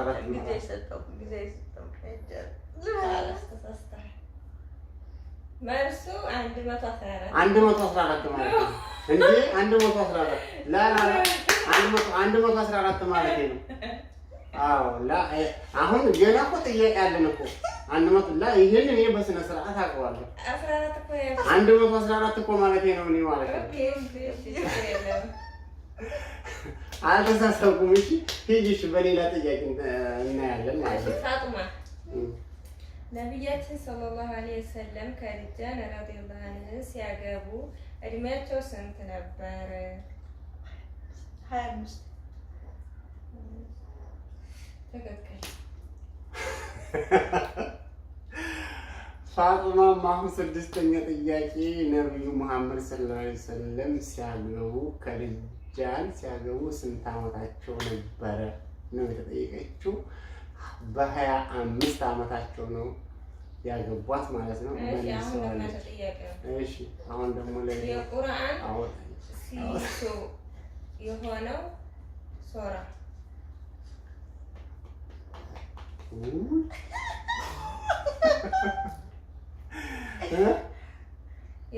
አራት ጊዜ ሰጠው ጊዜ ሰጠው አንድ መቶ አስራ አራት ማለት ነው እንዴ? አንድ መቶ አስራ አራት አንድ መቶ አስራ አራት ማለት ነው። አዎ አሁን ሌላ እኮ ጥያቄ አለን እኮ አንድ መቶ ላ ይሄን እኔ በስነ ስርዓት አውቀዋለሁ። አንድ መቶ አስራ አራት እኮ ማለት ነው እኔ ማለት ነው። አልተሳሰብኩም። እሺ ሂጂሽ በሌላ ጥያቄ እናያለን ማለት ነው። ፋጡማ ነቢያችን ሰለላሁ ዐለይሂ ወሰለም ከልጃን ረዲየላሁ ዐንሁ ሲያገቡ እድሜያቸው ስንት ነበር? ሀያ አምስት ትክክል። ፋጡማ አሁን ስድስተኛ ጥያቄ ነቢዩ መሐመድ ሰለላሁ ዐለይሂ ወሰለም ሲያገቡ ከልጅ ጃን ሲያገቡ ስንት ዓመታቸው ነበረ ነው የተጠየቀችው። በሀያ አምስት ዓመታቸው ነው ያገቧት ማለት ነው። አሁን ደግሞ የቁርአን የሆነው ሶራ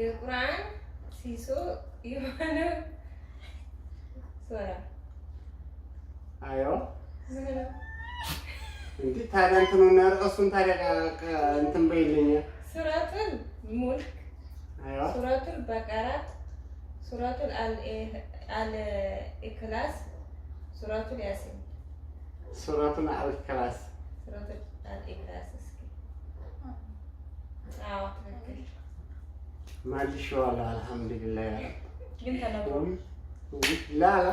የቁርአን ሲሶ የሆነው አዎ እንዴ ታዲያ እንትኑ እና እሱን ታዲያ እንትን በይልኝ። ሱረቱል ሙልክ ሱረቱል በቀራት፣ ሱረቱል አል ኢክላስ፣ ሱረቱል ያሲን፣ ሱረቱል አል ኢክላስ፣ ሱረቱል አል ኢክላስ። እስኪ አዎ፣ ትክክል ማልሽ። አልሐምዱሊላህ ግን ተነበሩ ላላ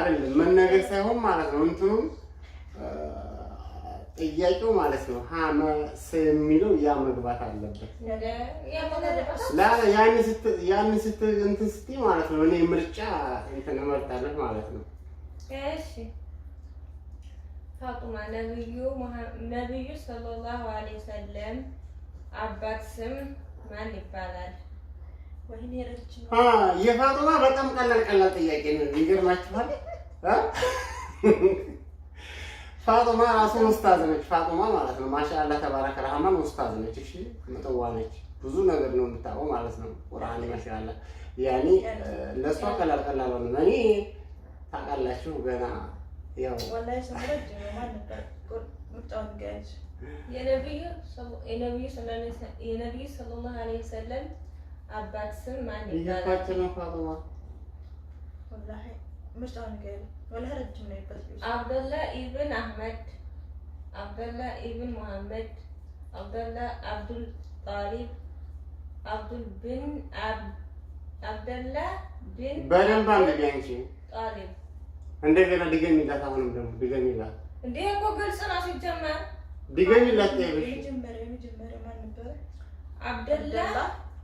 አይደለም መነገር ሳይሆን ማለት ነው እንትኑ ጥያቄው ማለት ነው ሀመ ስ የሚለው ያ መግባት አለበት። ያን ስት እንትን ስትይ ማለት ነው እኔ ምርጫ እንትን እመርጣለሁ ማለት ነው። እሺ ፋጡማ ነብዩ ነብዩ ሰለላሁ ዐለይሂ ወሰለም አባት ስም ማን ይባላል? የፋጡማ በጣም ቀላል ቀላል ጥያቄ ነው። ይገርማችኋል። ፋጡማ ራሱ ውስታዝ ነች። ፋጡማ ማለት ነው ማሻአላ ተባረከ ረህማን ውስታዝ ነች። እሺ ምጥዋ ነች። ብዙ ነገር ነው የምታውቀው ማለት ነው። ቁርአን ማሻአላ ያኔ ለእሷ ቀላል ቀላል ነው። እኔ ታውቃላችሁ ገና ያው ወላሂ ሰምረጅ ሰለላሁ ዐለይሂ ወሰለም አባት ስም ማን ይባላል? አብደላ ኢብን አህመድ፣ አብደላ ኢብን ሙሐመድ፣ አብደላ አብዱል ጣሊብ፣ አብዱል ብን አብደላ ብን በደንብ አንደኛ አንቺ ጣሊብ። እንደገና ድገሚላት። አሁንም ደግሞ ድገሚላት። እንዴ እኮ ግልጽ ነው ሲጀመር። ድገሚላት። የመጀመሪያው ማን ነበረ? አብደላ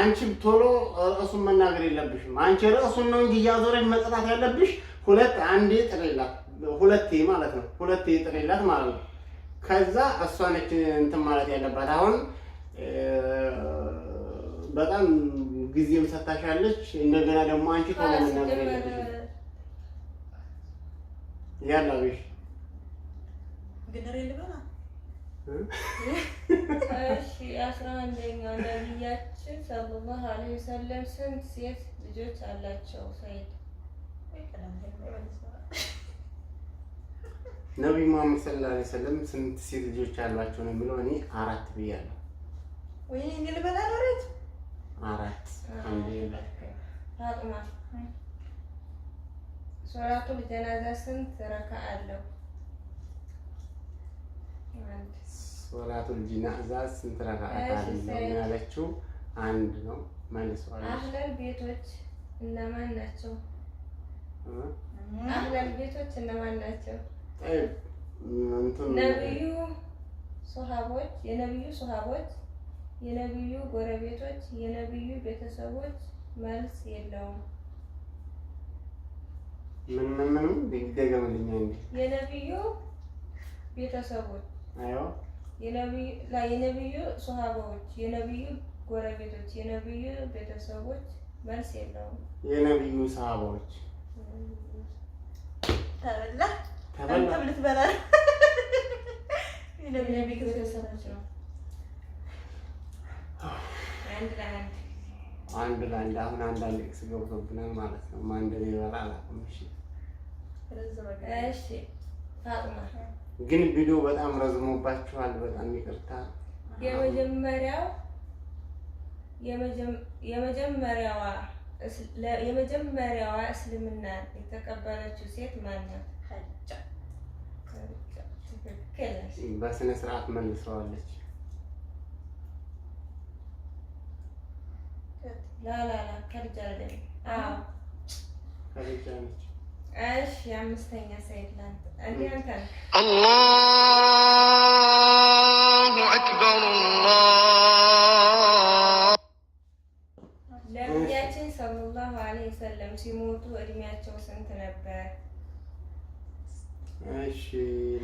አንቺም ቶሎ ርዕሱን መናገር የለብሽም። አንቺ ርዕሱን ነው እንጂ እያዞረች መጥራት ያለብሽ። ሁለት አንዴ ጥሬላት፣ ሁለቴ ማለት ነው። ሁለቴ ጥሬላት ማለት ነው። ከዛ እሷ ነች እንትን ማለት ያለባት። አሁን በጣም ጊዜም ሰታሻለች። እንደገና ደግሞ አንቺ ቶሎ መናገር የለብሽም። ያላብሽ ግነሬ ልበላ እሺ አስራ አንደኛ ነቢያችን ሰለላሁ ዐለይሂ ወሰለም ስንት ሴት ልጆች አላቸው? ሰይድ ነቢዩ መሐመድ ሰለላሁ ዐለይሂ ወሰለም ስንት ሴት ልጆች ነው የሚለው። እኔ አራት ብያለሁ። ወይ እንግልበላ አራት አራት ፋጡማ ሶላቱ ጀናዛ ስንት ረካ አለው? ሶላቱል ጂናዛዝ ስንት ረካዓት አለው ያለችው አንድ ነው። መልሷል። አህለል ቤቶች እነማን ናቸው? አህለል ቤቶች እነማን ናቸው? ነብዩ ሶሃቦች፣ የነብዩ ሶሃቦች፣ የነብዩ ጎረቤቶች፣ የነብዩ ቤተሰቦች። መልስ የለውም። ምን ምን ምን ደግመልኛ እንዴ የነብዩ ቤተሰቦች የነቢዩ ሶሃባዎች፣ የነቢዩ ጎረቤቶች፣ የነቢዩ ቤተሰቦች መልስ የለውም። የነቢዩ ሰሃባዎች አንድ ለአንድ አሁን አንዳንድ ክስ ገብቶብናል ማለት ነው። ማን እንደሚበላ አላውቅም። ፋጥማ ግን ቪዲዮ በጣም ረዝሞባችኋል። በጣም ይቅርታ። የመጀመሪያው የመጀመሪያዋ የመጀመሪያዋ እስልምና የተቀበለችው ሴት ማን በስነ ስርዓት መልሰዋለች። ላላላ ከልጃለች። ከልጃ ነች አላሁ አክበር ነቢያችን ሰለላሁ አለይሂ ወሰለም ሲሞቱ እድሜያቸው ስንት ነበር? እሺ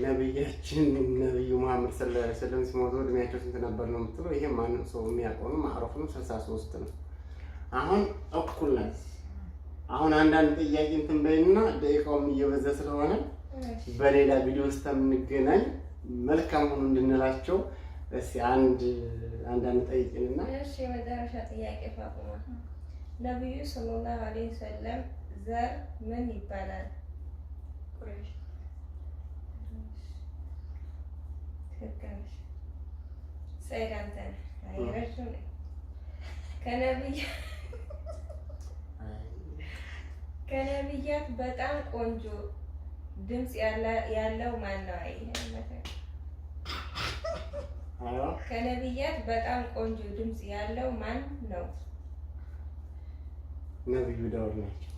ነቢያችን ነቢዩ መሐመድ ሰለላሁ አለይሂ ወሰለም ሲሞቱ እድሜያቸው ስንት ነበር ነው የምትለው? ይሄ ማንም ሰው የሚያውቀው ነው። ማዕረፍ ነው። ስልሳ ሦስት ነው። አሁን እኩል ናት አሁን አንዳንድ ጥያቄ እንትን በይና ደቂቃውም እየበዘ ስለሆነ በሌላ ቪዲዮ ውስጥ እስከምንገናኝ መልካም ሆኖ እንድንላቸው እስኪ አንድ አንዳንድ ጠይቅንና እሺ፣ የመጨረሻ ጥያቄ ፋጡማ፣ ነብዩ ሰለላሁ ዐለይሂ ወሰለም ዘር ምን ይባላል? ሰይድ አንተ ነህ። ከነብዩ ከነብያት በጣም ቆንጆ ድምፅ ያለው ማን ነው? ከነብያት በጣም ቆንጆ ድምፅ ያለው ማን ነው? ነብዩ ዳውድ ናቸው።